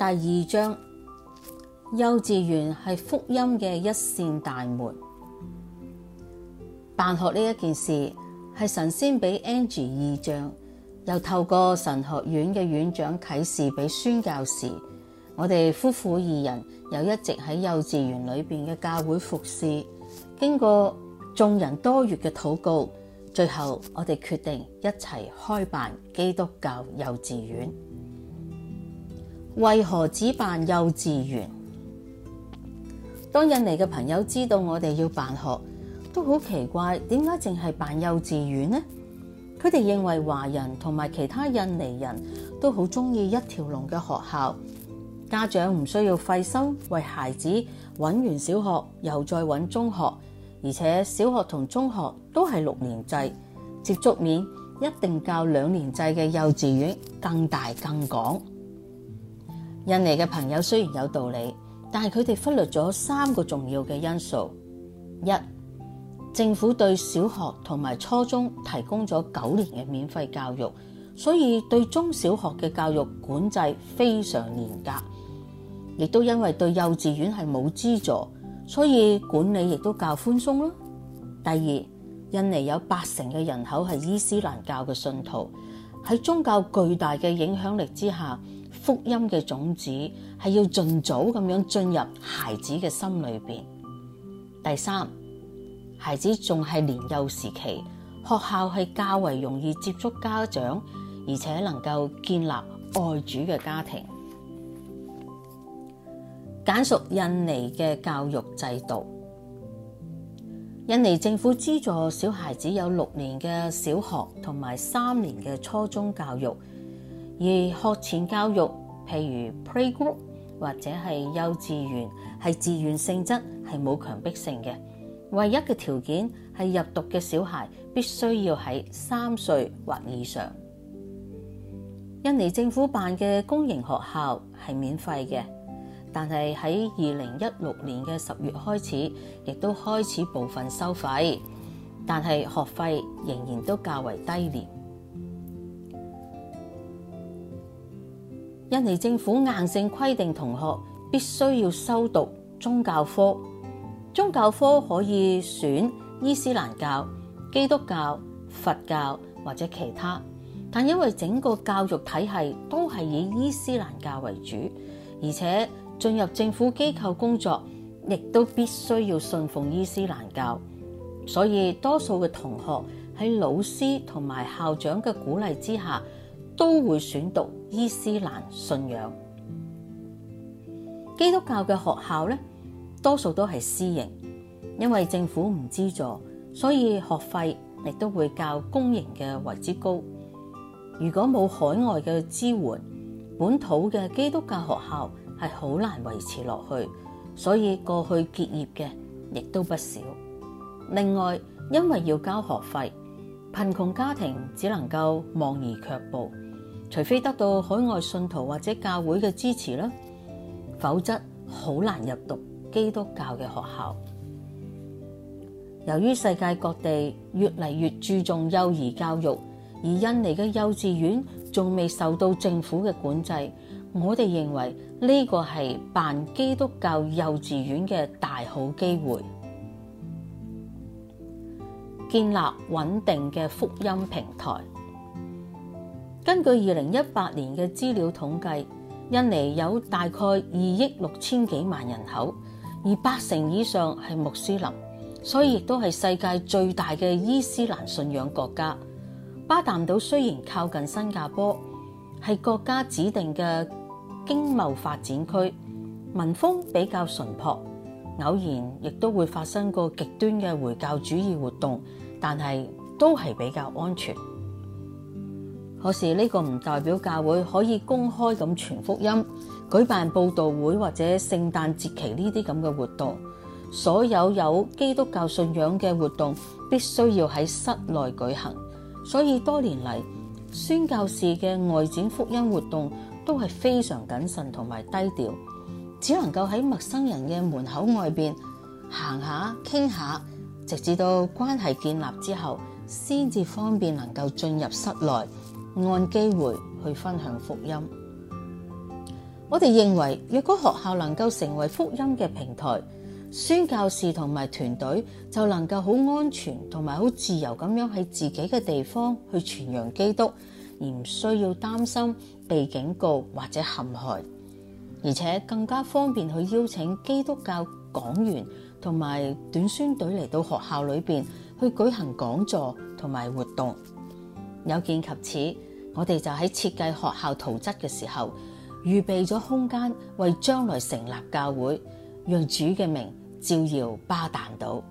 第二章，幼稚園係福音嘅一扇大門。辦學呢一件事係神先俾 Angie 異象，又透過神學院嘅院長啟示俾宣教士。我哋夫婦二人又一直喺幼稚園裏邊嘅教會服侍，經過眾人多月嘅禱告，最後我哋決定一齊開辦基督教幼稚園。為何只辦幼稚園？當印尼嘅朋友知道我哋要辦學，都好奇怪，點解淨係辦幼稚園呢？佢哋認為華人同埋其他印尼人都好鍾意一條龍嘅學校，家長唔需要費心為孩子揾完小學又再揾中學，而且小學同中學都係六年制，接觸面一定較兩年制嘅幼稚園更大更廣。印尼嘅朋友雖然有道理，但係佢哋忽略咗三個重要嘅因素。一，政府對小學同埋初中提供咗九年嘅免費教育，所以對中小學嘅教育管制非常嚴格。亦都因為對幼稚園係冇資助，所以管理亦都較寬鬆啦。第二，印尼有八成嘅人口係伊斯蘭教嘅信徒，喺宗教巨大嘅影響力之下。福音嘅種子係要盡早咁樣進入孩子嘅心裏邊。第三，孩子仲係年幼時期，學校係較為容易接觸家長，而且能夠建立愛主嘅家庭。簡述印尼嘅教育制度，印尼政府資助小孩子有六年嘅小學同埋三年嘅初中教育。而學前教育，譬如 play group 或者係幼稚園，係自願性質，係冇強迫性嘅。唯一嘅條件係入讀嘅小孩必須要喺三歲或以上。印尼政府辦嘅公營學校係免費嘅，但係喺二零一六年嘅十月開始，亦都開始部分收費，但係學費仍然都較為低廉。印尼政府硬性規定同學必須要修讀宗教科，宗教科可以選伊斯蘭教、基督教、佛教或者其他。但因為整個教育體系都係以伊斯蘭教為主，而且進入政府機構工作亦都必須要信奉伊斯蘭教，所以多數嘅同學喺老師同埋校長嘅鼓勵之下，都會選讀伊斯蘭信仰。基督教嘅學校呢，多數都係私營，因為政府唔資助，所以學費亦都會較公營嘅為之高。如果冇海外嘅支援，本土嘅基督教學校係好難維持落去，所以過去結業嘅亦都不少。另外，因為要交學費，貧窮家庭只能夠望而卻步。除非得到海外信徒或者教會嘅支持啦，否則好難入讀基督教嘅學校。由於世界各地越嚟越注重幼兒教育，而印尼嘅幼稚園仲未受到政府嘅管制，我哋認為呢個係辦基督教幼稚園嘅大好機會，建立穩定嘅福音平台。根據二零一八年嘅資料統計，印尼有大概二億六千幾萬人口，而八成以上係穆斯林，所以亦都係世界最大嘅伊斯蘭信仰國家。巴淡島雖然靠近新加坡，係國家指定嘅經貿發展區，民風比較淳樸，偶然亦都會發生過極端嘅回教主義活動，但係都係比較安全。可是呢個唔代表教會可以公開咁傳福音，舉辦佈道會或者聖誕節期呢啲咁嘅活動，所有有基督教信仰嘅活動必須要喺室內舉行。所以多年嚟，宣教士嘅外展福音活動都係非常謹慎同埋低調，只能夠喺陌生人嘅門口外邊行下傾下，直至到關係建立之後先至方便能夠進入室內。按機會去分享福音。我哋認為，若果學校能夠成為福音嘅平台，宣教士同埋團隊就能夠好安全同埋好自由咁樣喺自己嘅地方去傳揚基督，而唔需要擔心被警告或者陷害，而且更加方便去邀請基督教講員同埋短宣隊嚟到學校裏面去舉行講座同埋活動。有見及此，我哋就喺設計學校圖則嘅時候，預備咗空間，為將來成立教會，讓主嘅名照耀巴旦島。